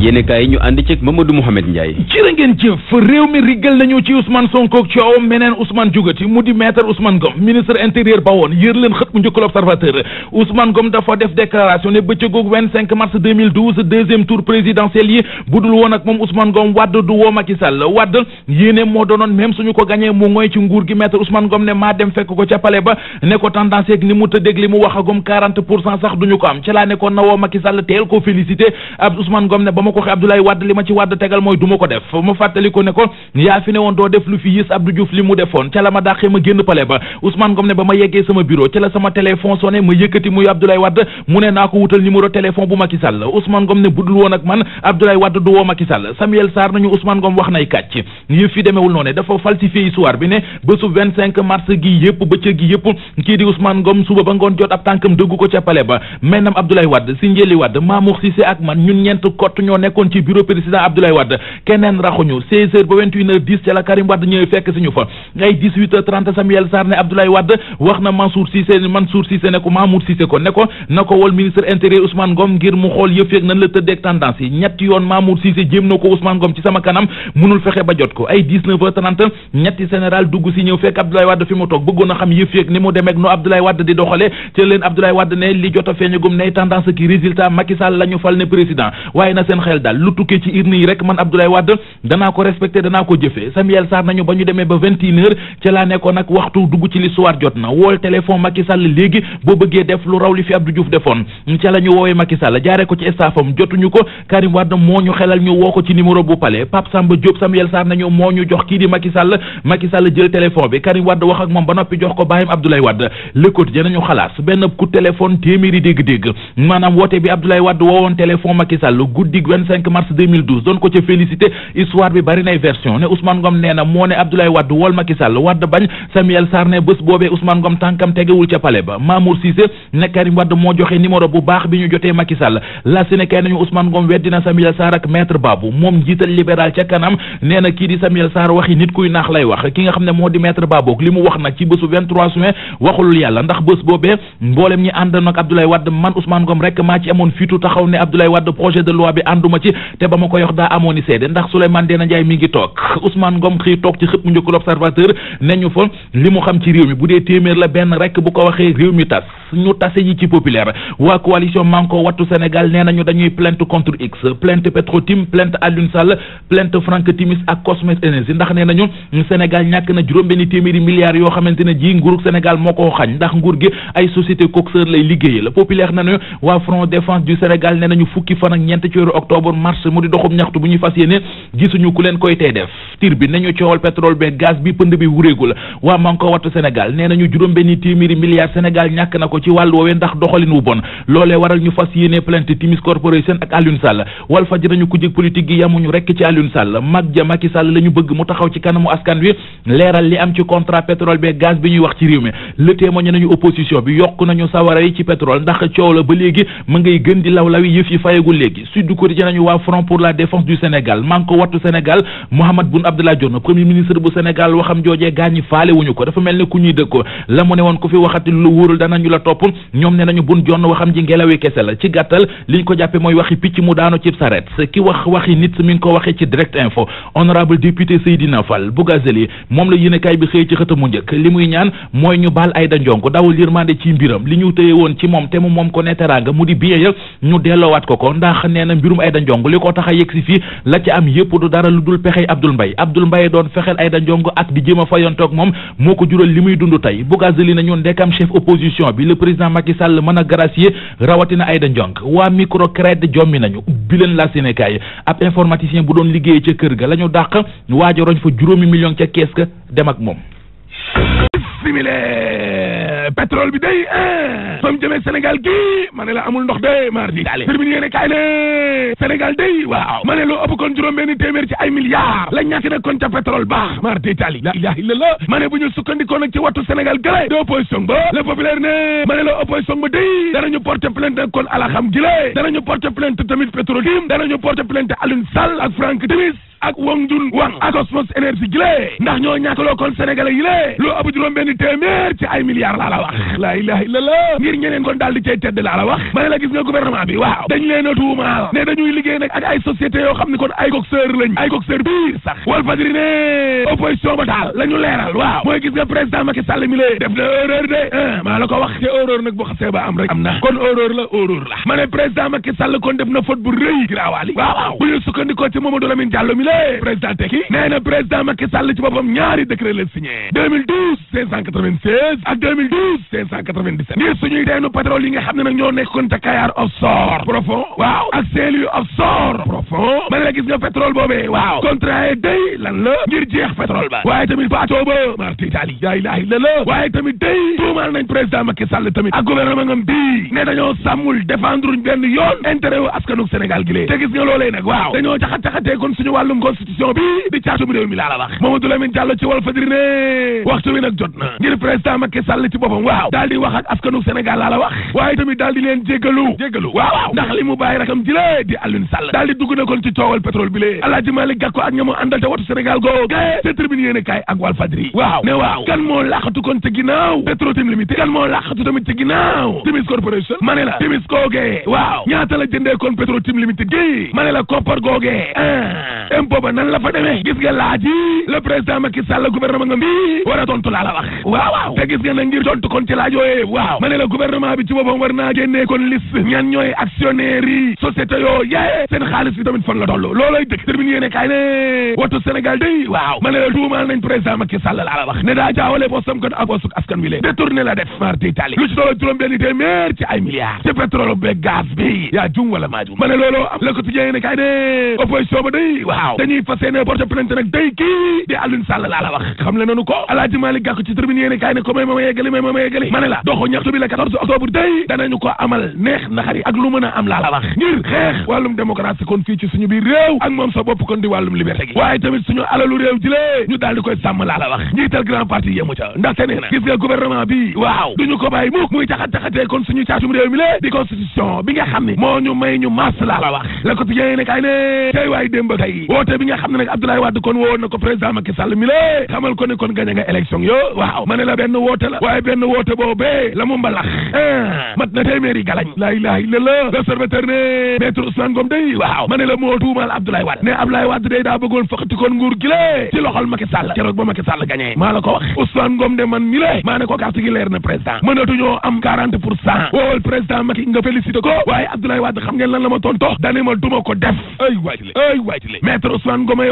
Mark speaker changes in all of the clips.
Speaker 1: yéenekaay yi ñu ànd ceeg Mamadou Mouhamed Ndiaye jërë ngeen jëf réew mi riggal nañu ci Ousmane Sonko coow meneen Ousmane jugati mu di maître Ousmane Ngom ministre intérieur ba woon yër leen xët mu njëkkal observateur Ousmane Ngom dafa def déclaration ne bëccëgoog 25 mars 2012 deuxième tour présidentiel yi bu dul woon ak moom Ousmane Ngom Wade du woo Macky Sall Wade yéene moo doonoon même suñu ko gañee mu ngoy ci nguur gi maître ma ko xe Abdoulaye Wade li ma ci Wade tegal mooy du ma ko def ma fàttali ne ko yaa fi ne woon doo def lu fi yis Abdou Diouf li mu defoon ca la ma dàqee ma génn pale ba Ousmane Ngom ne ba ma yeggee sama bureau ca la sama téléphone sonné ma yëkkati muy Abdoulaye Wade mu ne naa ko wutal numéro téléphone bu Macky Sall Ousmane Ngom ne budul woon ak man Abdoulaye Wade du woo Macky Sall Samuel Sarr nañu Ousmane Ngom wax nay kàcc yëf demewul noonu dafa falsifié histoire nekkoon ci bureau président Abdoulaye Wade keneen raxuñu 16 Karim Wade ñëwee fekk si ñu fa ay 18 heures 30 Samuel Sarr ne Abdoulaye Wade wax na Mansour Cissé Mansour Cissé ne ko Mamour ko ne na ko wol ministre intérieur Ousmane Ngom ngir mu xool yëf nan la tëddeeg tendance yi ñetti yoon Mamour Cissé jéem na ko Ousmane Ngom ci sama kanam mënul fexe ba jot ko ay 19 heures 30 ñetti général dugg si ñëw fekk Abdoulaye Wade fi mu toog bëggoon xel daal lu tukkee ci urne yi rek man Abdoulaye Wade danaa ko respecté danaa ko jëfee Samuel Sarr nañu ba ñu demee ba vingt et ca laa nekkoon nag waxtu dugg ci l'histoire jot na wool téléphone Macky léegi boo bëggee def lu raw li fi Abdou Diouf defoon ca la ñu woowee nañu moo ñu jox kii di Macky Sall jël téléphone bi Karim Wade wax ak moom ba noppi jox ko bàyyam Abdoulaye Wade Le Quotidien nañu xalaas benn coup téléphone téeméeri dégg-dégg maanaam woote 25 mars 2012 doon ko ca félicité histoire bi bari nay version ne Ousmane Ngom nee moo ne Abdoulaye Wade wol Macky Sall Wade bañ Samuel Sarr ne bés boobee Ousmane Ngom tànkam tegewul ca palais ba Mamour Cissé ne Karim Wade moo joxe numéro bu baax bi ñu jotee Macky Sall la si nañu Ousmane Ngom weddina Samuel Sarr ak maître Babou moom jiital libéral ca kanam nee kii di Samuel Sarr waxi nit kuy naax lay wax ki nga xam ne moo di maître Babou li mu wax nag ànduma ci te ba ma koy wax daa amooni seede ndax Souleymane Ndéné Ndiaye mi ngi toog Ousmane Ngom xii toog ci xët mu njëkk l'Observateur ne ñu fa li mu xam ci réew mi bu dee téeméer la benn rek bu ko waxee réew mi tas ñu tase yi ci populaire waa coalition Manko Wattu Sénégal nee nañu dañuy plainte contre X plainte Petrotim plainte Alioune Sall plainte Frank Timis ak Cosmos Energy ndax nee nañu Sénégal ñàkk na juróom-benn téeméeri milliards yoo xamante ne ji nguurug Sénégal moo ko octobre mars mu di doxum ñaxtu bu ñuy fas yéene gisuñu ku leen koy tey def tir bi nañu coowal pétrole bi gaz bi pënd bi wuréegul waa man ko wattu Sénégal nee nañu juróom benni téeméeri milliards Sénégal ñàkk na ko ci wàll woowee ndax doxalin wu bon loolee waral ñu fas yéene plainte Timis Corporation ak Alioune Sall wal faj nañu ku jëg politique gi yamuñu rekk ci Alioune Sall mag ja Macky Sall la ñu bëgg mu taxaw ci kanamu askan wi leeral li am ci contrat bi wax ci réew mi le témoigné bi yokk nañu sawara yi ci ba léegi ma ngay gën di law lawi yëf yi fayagul ci nañu waa front pour la défense du Sénégal man ko wattu Sénégal Mahammed Boun Abdallah Dionne premier ministre bu Sénégal waxam joojee gaañi faale ko dafa mel ne ku ñuy dëkkoo la mu ne woon ku fi waxati lu wóorul danañu la topp ñoom ne nañu Boun Dionne waxam ji ngelawi kese la ci gàttal liñ ko jàppe mooy waxi picc mu daano cib saret ki wax waxi nit mi ngi ko waxee ci direct info honorable député Seydina Fall Bougazeli moom la yéenekaay bi Aïda Ndiong li ko tax a yegg si fii la ci am yëpp du dara lu dul pexey Abdoul Mbaye Abdoul Mbaye doon fexeel Aïda Ndiong ak di jéem a fayantoog moom moo ko jural li muy dund tey Bougazeli nañu ndekam chef opposition bi le président Macky Sall mën a gracier rawatina Aïda Ndiong waa microcrède jommi nañu bi leen la Sénégal ab informaticien bu doon liggéey ca kër ga la ñu dàq waajoroñ fa juróomi million ca kees dem ak moom
Speaker 2: pétrole bi day eh, fa mu jëmee Sénégal gii ma ne la amul ndox de mardi daale termine yéene kaay ne Sénégal day waaw ma ne lu ëpp kon juróom benn téeméer ci ay milliards la ñàkk nag kon ca pétrole baax mardi daali la ilaha illallah ma ne bu ñu sukkandikoo nag ci wattu Sénégal gële de opposition ba le populaire ne ma ne la opposition ba day danañu porter plainte nag kon ala xam gile danañu porter plainte tamit pétrole dim danañu porter plainte Alioune Sall ak Franck Timis ak Wangdun Wang ak Cosmos énergie gilée ndax ñoo ñàkkaloo kon sénégalais yi lée loo abu juróom benn ci ay milliards laa la wax laa ilaha illallah ngir ñeneen kon daal di cay tedd laa la wax ma ne la gis nga gouvernement bi waaw dañ leen a tuumaal ne dañuy liggéey ak ay société yoo xam ne kon ay coxeur lañ ay coxeur biir sax wal fajri ne ba daal la ñu waaw mooy gis nga président Macky Sall mi lée def na de maa la ko wax te erreur nag bu la erreur la ma ne président Macky Sall kon def na faute bu rëy giraawaali waaw waaw bu ñu sukkandikoo ci lé président tekki nee na président Macky Sall ci boppam ñaari décret la signé 2012 596 ak 2012 597 ngir suñuy teenu pétrole yi nga xam ne nag ñoo nekkoon ca Kayar offshore profond waaw ak Saint-Louis offshore profond ma ne la gis nga pétrole boobee waaw contrat day lan la ngir jeex pétrole ba waaye tamit paccoo ba marti Italie yaa ilaahi la la waaye tamit day tuumaal nañ président Macky Sall tamit ak gouvernement ngam bii ne dañoo sàmmul défendre benn yoon intérêt wu askanuk Sénégal gi lée te wàllum constitution bi di caatum réew mi laa la wax Mamadou Lamine Diallo ci Walf Fadjri ne waxtu wi nag jot na ngir président Macky Sall ci boppam waaw daal di wax ak askanu Sénégal laa la wax waaye tamit daal di leen jéggalu jéggalu waaw waaw ndax li mu bàyyi rakam ji la di Alioune Sall daal di dugg na kon ci coowal pétrole bi lee Alaaji Malick Gakou ak ña mu àndal watu Sénégal googu te tribune yéene kaay ak Walf Fadjri waaw ne waaw kan moo laqatu kon ci ginnaaw petro ma ne la Timis googee booba nan la fa demee gis nga laaj yi le président Macky Sall gouvernement bi war a tontu laa la wax waaw waaw nga na ngir tontu kon ci waaw ma la gouvernement bi ci boppam war naa génnee kon liste ñan ñooy actionnaire yi société yee seen xaalis bi la toll loolay dëkk termine yéene kaay watu Sénégal day waaw ma la tuumaal nañ président Macky la wax ne daa jaawale boosam kon ak boosuk askan wi lee la def mar d'Italie lu ci toll juróom benn téeméer ci ay milliards ci pétrole beeg dañuy fas a porte plainte nag day kii di Alioune Sall laa xam le nanu ko Alaaji Malick ci tribune yéene kaay ko may ma ma yeggali may ma ma yeggali ma ne la doxu ñaxtu bi la 14 ko amal neex naxari ak lu mën a am laa la wax ngir xeex wàllum démocratie kon fii ci suñu biir réew ak moom sa bopp kon di wàllum liberté gi waaye tamit suñu alalu réew ji lee ñu daal di koy sàmm laa la wax njiital grand parti yemu ca ndaxte nee gis nga gouvernement bi waaw duñu ñu may comité bi nga xam ne nag Abdoulaye Wade kon woowoon na ko président Macky Sall mi la xamal ne kon gañ nga élection yo waaw ma ne la benn woote la waaye benn woote boobee la mu mbalax ah mat na téeméeri galañ laa ilaha illa la l'observateur la moo ne Abdoulaye Wade day daa de man mi la maa ne ko carte leer na président mënatuñoo am 40 pour cent woowal président Macky nga félicité ko waaye Abdoulaye Wade xam ngeen lan la ma tonto dane ma duma ko def ay waay ay waay maître Ousmane Ngom ay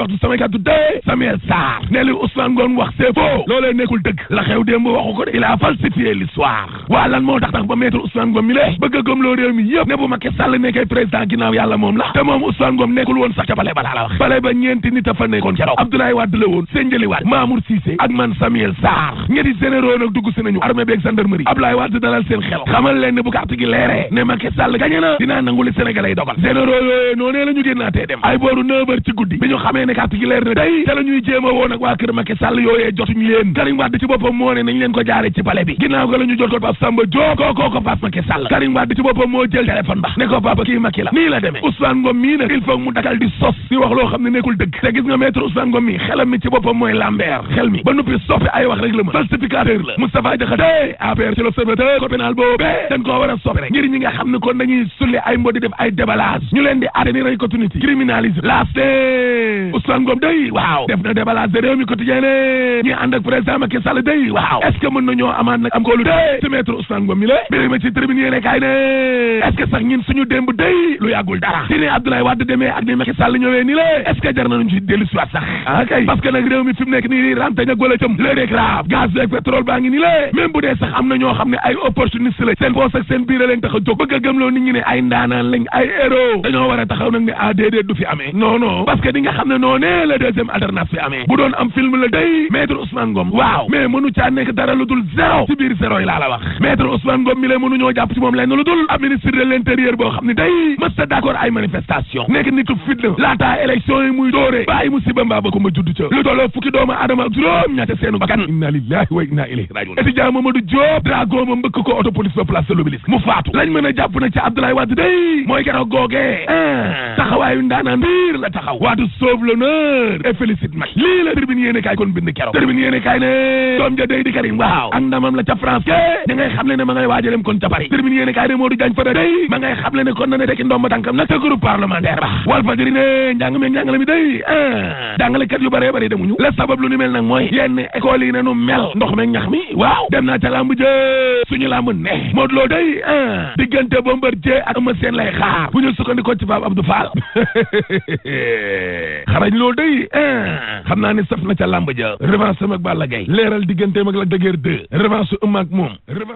Speaker 2: Samuel Sarr ne li Ousmane wax c'est faux loolee nekkul dëgg la xew démb waxu ko de il a falsifié l'histoire waa lan moo tax tax ba maître Ousmane Ngom mi le bëgg a loo réew mi yëpp ne bu Macky Sall nekkee président ginnaaw yàlla moom la te moom Ousmane Ngom nekkul woon sax ca bale ba la wax bale ba ñeenti nit a fa nekkoon ca raw Abdoulaye la woon Sendiali Wade Mamour Cissé ak man Samuel Sarr ñetti généraux nag dugg si nañu armée bi ak gendarmerie guddi bi ñu xamee ne carte na day te la ñuy ci boppam moo ne nañ leen ko jaare ci palais bi ginnaaw ga la ñu jot ko Pape Samba Diop kookoo ko Pape Macky Sall Karim Wade ci boppam moo jël téléphone ba ne ko papa kii Macky la nii la demee Ousmane Ngom mii il faut mu dakal di sos di wax loo xam ne nekkul dëgg te gis nga maître Ousmane Ngom mii ci boppam mooy Lambert xel mi ba noppi soppi ay wax rek la ma falsificateur la Moustapha Diakhaté APR ci l'Observateur code pénal Ousmane Ngom day waaw def na déballage de réew mi quotidien ne ñi ànd ak président Macky Sall day waaw est ce que mën nañoo amaat nag am koolu dé ci maître Ousmane Ngom mi la mbir ma ci tribune yéene kaay ne est ce que sax ñun suñu démb day lu yàggul dara di ne Abdoulaye Wade demee ak ni Macky Sall ni la est ce que jar nañu ci dellu ah kay parce nag réew mi nekk nii rente nga góla jëm le déclare gaz beeg pétrole baa ngi ni la même bu sax am na ñoo ay opportuniste la seen poos a a a noonee la deuxième alternance bi amee bu doon am film la day maître Ousmane Ngom waaw mais mënu caa nekk dara lu dul zéro ci biir zéro yi laa la wax maître Ousmane mi lay mënu ñoo jàpp ci moom lenn lu dul ab ministre de l'intérieur boo xam ne day mës d'accord ay manifestation nekk nitu fitna laataa élection yi muy dóoree bàyyi mu siba ko ma judd ca lu tolloo fukki doomu aadama ak juróom ñaata seenu bakkan inna lillahi wa inna ilayhi rajiun ma mbëkk ko auto a honneur et félicite Macky lii la tribune yéene kaay kon bind keroog tribune yéene kaay ne doom ja day di Karim waaw ak ndamam la ca France ke da ngay xam le ma ngay waajalem kon ca Paris tribune yéene kaay ne Modou Diagne Fada day ma ngay kon na ne tekki ndomba tànkam nag te groupe parlementaire ba wal fajëri ne njàng me njàngale mi day ah jàngalekat yu bëree bëri demuñu la sabab ni mel nag mooy yenn école nu mel ndox meeg ñax mi waaw dem naa ca lamb jë suñu lamb ne loolu day eh, xam naa ne saf na ca làmb ja revanche am ak Balla Gaye leeral digganteem ak la dëgër 2 revanche su ëmm ak moom